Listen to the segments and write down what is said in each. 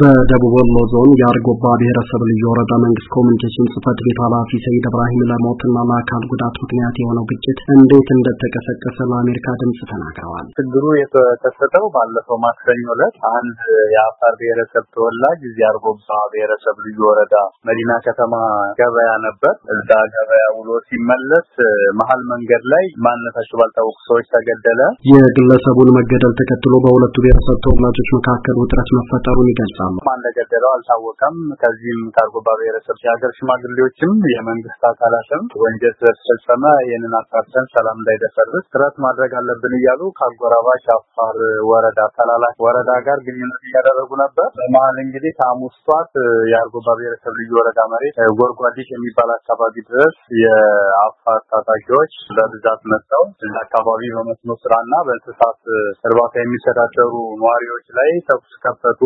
በደቡብ ወሎ ዞን የአርጎባ ብሔረሰብ ልዩ ወረዳ መንግስት ኮሚኒኬሽን ጽህፈት ቤት ኃላፊ ሰይድ እብራሂም ለሞትና ለአካል ጉዳት ምክንያት የሆነው ግጭት እንዴት እንደተቀሰቀሰ ለአሜሪካ ድምጽ ተናግረዋል። ችግሩ የተከሰተው ባለፈው ማክሰኞ ዕለት አንድ የአፋር ብሔረሰብ ተወላጅ እዚህ አርጎባ ብሔረሰብ ልዩ ወረዳ መዲና ከተማ ገበያ ነበር። እዛ ገበያ ውሎ ሲመለስ መሀል መንገድ ላይ ማንነታቸው ባልታወቁ ሰዎች ተገደለ። የግለሰቡን መገደል ተከትሎ በሁለቱ ብሔረሰብ ተወላጆች መካከል ውጥረት መፈጠሩን ይገልጻል። ማን እንደገደለው አልታወቀም። ከዚህም ከአርጎባ ብሔረሰብ የሀገር ሽማግሌዎችም የመንግስት አካላትም ወንጀል ስለተፈጸመ ይህንን አጣርተን ሰላም እንዳይደፈርስ ጥረት ማድረግ አለብን እያሉ ከአጎራባች አፋር ወረዳ ተላላ ወረዳ ጋር ግንኙነት እያደረጉ ነበር። በመሀል እንግዲህ ከሐሙስ ጧት የአርጎባ ብሔረሰብ ልዩ ወረዳ መሬት ጎርጓዲት የሚባል አካባቢ ድረስ የአፋር ታጣቂዎች በብዛት መጥተው አካባቢ በመስኖ ስራና በእንስሳት እርባታ የሚተዳደሩ ነዋሪዎች ላይ ተኩስ ከፈቱ።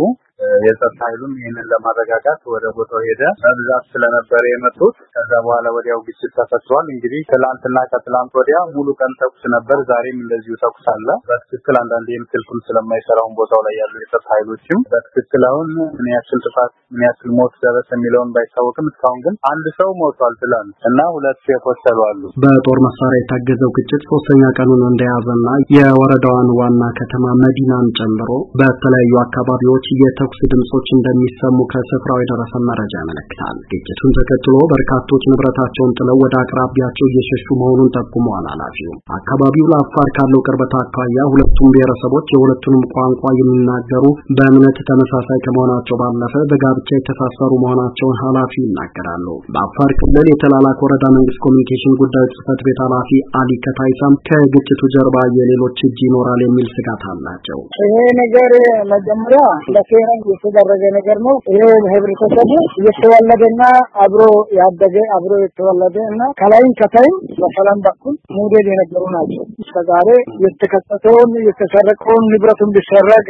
የጸጥታ ኃይሉም ይህንን ለማረጋጋት ወደ ቦታው ሄደ። በብዛት ስለነበረ የመጡት ከዛ በኋላ ወዲያው ግጭት ተፈቷል። እንግዲህ ትላንትና ከትላንት ወዲያ ሙሉ ቀን ተኩስ ነበር። ዛሬም እንደዚሁ ተኩስ አለ። በትክክል አንዳንዴ ስልክም ስለማይሰራውን ቦታው ላይ ያሉ የጸጥታ ኃይሎችም በትክክል አሁን ምን ያክል ጥፋት ምን ያክል ሞት ደረሰ የሚለውን ባይታወቅም እስካሁን ግን አንድ ሰው ሞቷል ትላንት እና ሁለት የቆሰሉ አሉ። በጦር መሳሪያ የታገዘው ግጭት ሶስተኛ ቀኑን እንደያዘና የወረዳዋን ዋና ከተማ መዲናን ጨምሮ በተለያዩ አካባቢዎች እየተ የተኩስ ድምጾች እንደሚሰሙ ከስፍራው የደረሰ መረጃ ያመለክታል። ግጭቱን ተከትሎ በርካቶች ንብረታቸውን ጥለው ወደ አቅራቢያቸው እየሸሹ መሆኑን ጠቁመዋል ኃላፊው። አካባቢው ለአፋር ካለው ቅርበት አኳያ ሁለቱም ብሔረሰቦች የሁለቱንም ቋንቋ የሚናገሩ በእምነት ተመሳሳይ ከመሆናቸው ባለፈ በጋብቻ የተሳሰሩ መሆናቸውን ኃላፊው ይናገራሉ። በአፋር ክልል የተላላክ ወረዳ መንግስት ኮሚኒኬሽን ጉዳዮች ጽህፈት ቤት ኃላፊ አሊ ከታይሳም ከግጭቱ ጀርባ የሌሎች እጅ ይኖራል የሚል ስጋት አላቸው። ይሄ ነገር መጀመሪያ ለሴራ ላይ የተደረገ ነገር ነው። ይሄ ህብረተሰቡ እየተወለደና አብሮ ያደገ አብሮ የተወለደ እና ከላይም ከታይም በሰላም በኩል ሞዴል የነበሩ ናቸው። እስከዛሬ የተከሰተውን የተሰረቀውን ንብረቱን ቢሰረቅ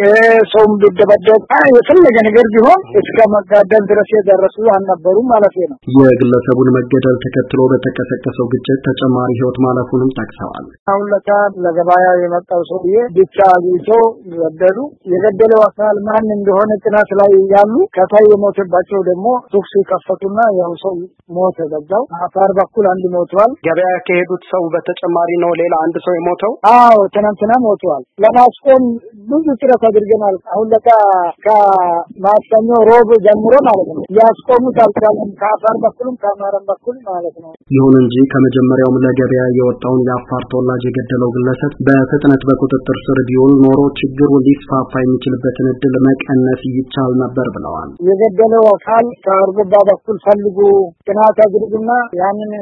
ሰውም ቢደበደብ የፈለገ ነገር ቢሆን እስከ መጋደል ድረስ የደረሱ አልነበሩም ማለት ነው። የግለሰቡን መገደል ተከትሎ በተቀሰቀሰው ግጭት ተጨማሪ ህይወት ማለፉንም ጠቅሰዋል። አሁን ለካ ለገበያ የመጣው ሰውዬ ብቻ አግኝቶ ገደሉ። የገደለው አካል ማን እንደሆነ የሆነ ጥናት ላይ ያሉ ከታይ የሞተባቸው ደግሞ ተኩስ ከፈቱና ያው ሰው ሞተ። በዛው አፋር በኩል አንድ ሞተዋል። ገበያ ከሄዱት ሰው በተጨማሪ ነው ሌላ አንድ ሰው የሞተው። አዎ ትናንትና ሞተዋል። ለማስቆም ብዙ ጥረት አድርገናል። አሁን ለካ ከማክሰኞ ሮብ ጀምሮ ማለት ነው ያስቆሙት አልቻለም። ከአፋር በኩልም ከአማራም በኩል ማለት ነው። ይሁን እንጂ ከመጀመሪያውም ለገበያ የወጣውን የአፋር ተወላጅ የገደለው ግለሰብ በፍጥነት በቁጥጥር ስር ቢውል ኖሮ ችግሩ ሊስፋፋ የሚችልበትን እድል መቀነስ ይቻል ነበር ብለዋል። የገደለው አካል ከአርጎባ በኩል ፈልጉ ጥናት ያድርጉና ያንን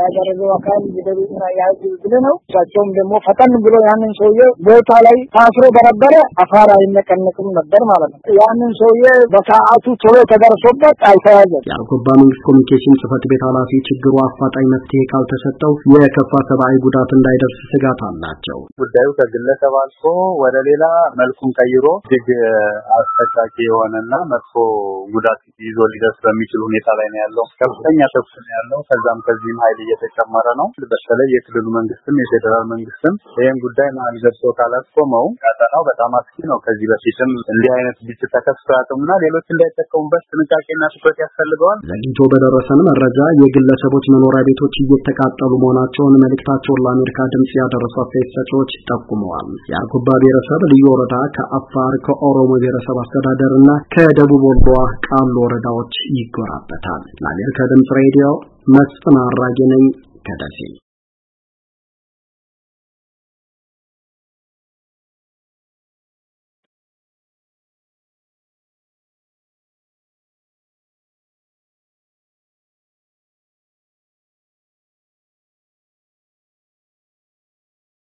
ያደረገው አካል ግደሉና ያዙ ብለ ነው። እሳቸውም ደግሞ ፈጠን ብሎ ያንን ሰውዬ ቦታ ላይ ታስሮ በነበረ አፋር አይነቀነቅም ነበር ማለት ነው። ያንን ሰውዬ በሰዓቱ ቶሎ ተደርሶበት አልተያዘም። የአርጎባ መንግስት ኮሚኒኬሽን ጽህፈት ቤት ኃላፊ ችግሩ አፋጣኝ መፍትሄ ካልተሰጠው የከፋ ሰብአዊ ጉዳት እንዳይደርስ ስጋት አላቸው። ጉዳዩ ከግለሰብ አልፎ ወደ ሌላ መልኩን ቀይሮ እጅግ አስፈ አላሳኪ የሆነና መጥፎ ጉዳት ይዞ ሊደርስ በሚችል ሁኔታ ላይ ነው ያለው። ከፍተኛ ተኩስ ነው ያለው። ከዛም ከዚህም ኃይል እየተጨመረ ነው። በተለይ የክልሉ መንግስትም የፌዴራል መንግስትም ይህን ጉዳይ መሀል ገብቶ ካላስቆመው ቀጠናው በጣም አስኪ ነው። ከዚህ በፊትም እንዲህ አይነት ግጭት ተከስቶ ያቅምና ሌሎች እንዳይጠቀሙበት ጥንቃቄና ትኩረት ያስፈልገዋል። ዘግይቶ በደረሰን መረጃ የግለሰቦች መኖሪያ ቤቶች እየተቃጠሉ መሆናቸውን መልእክታቸውን ለአሜሪካ ድምጽ ያደረሱ አስተያየት ሰጪዎች ጠቁመዋል። የአርጎባ ብሔረሰብ ልዩ ወረዳ ከአፋር ከኦሮሞ ብሔረሰብ አስተዳደ አስተዳደር እና ከደቡብ ወሎ ቃሉ ወረዳዎች ይጎራበታል። ለአሜሪካ ድምጽ ሬዲዮ መስፍን አራጌ ነኝ ከደሴ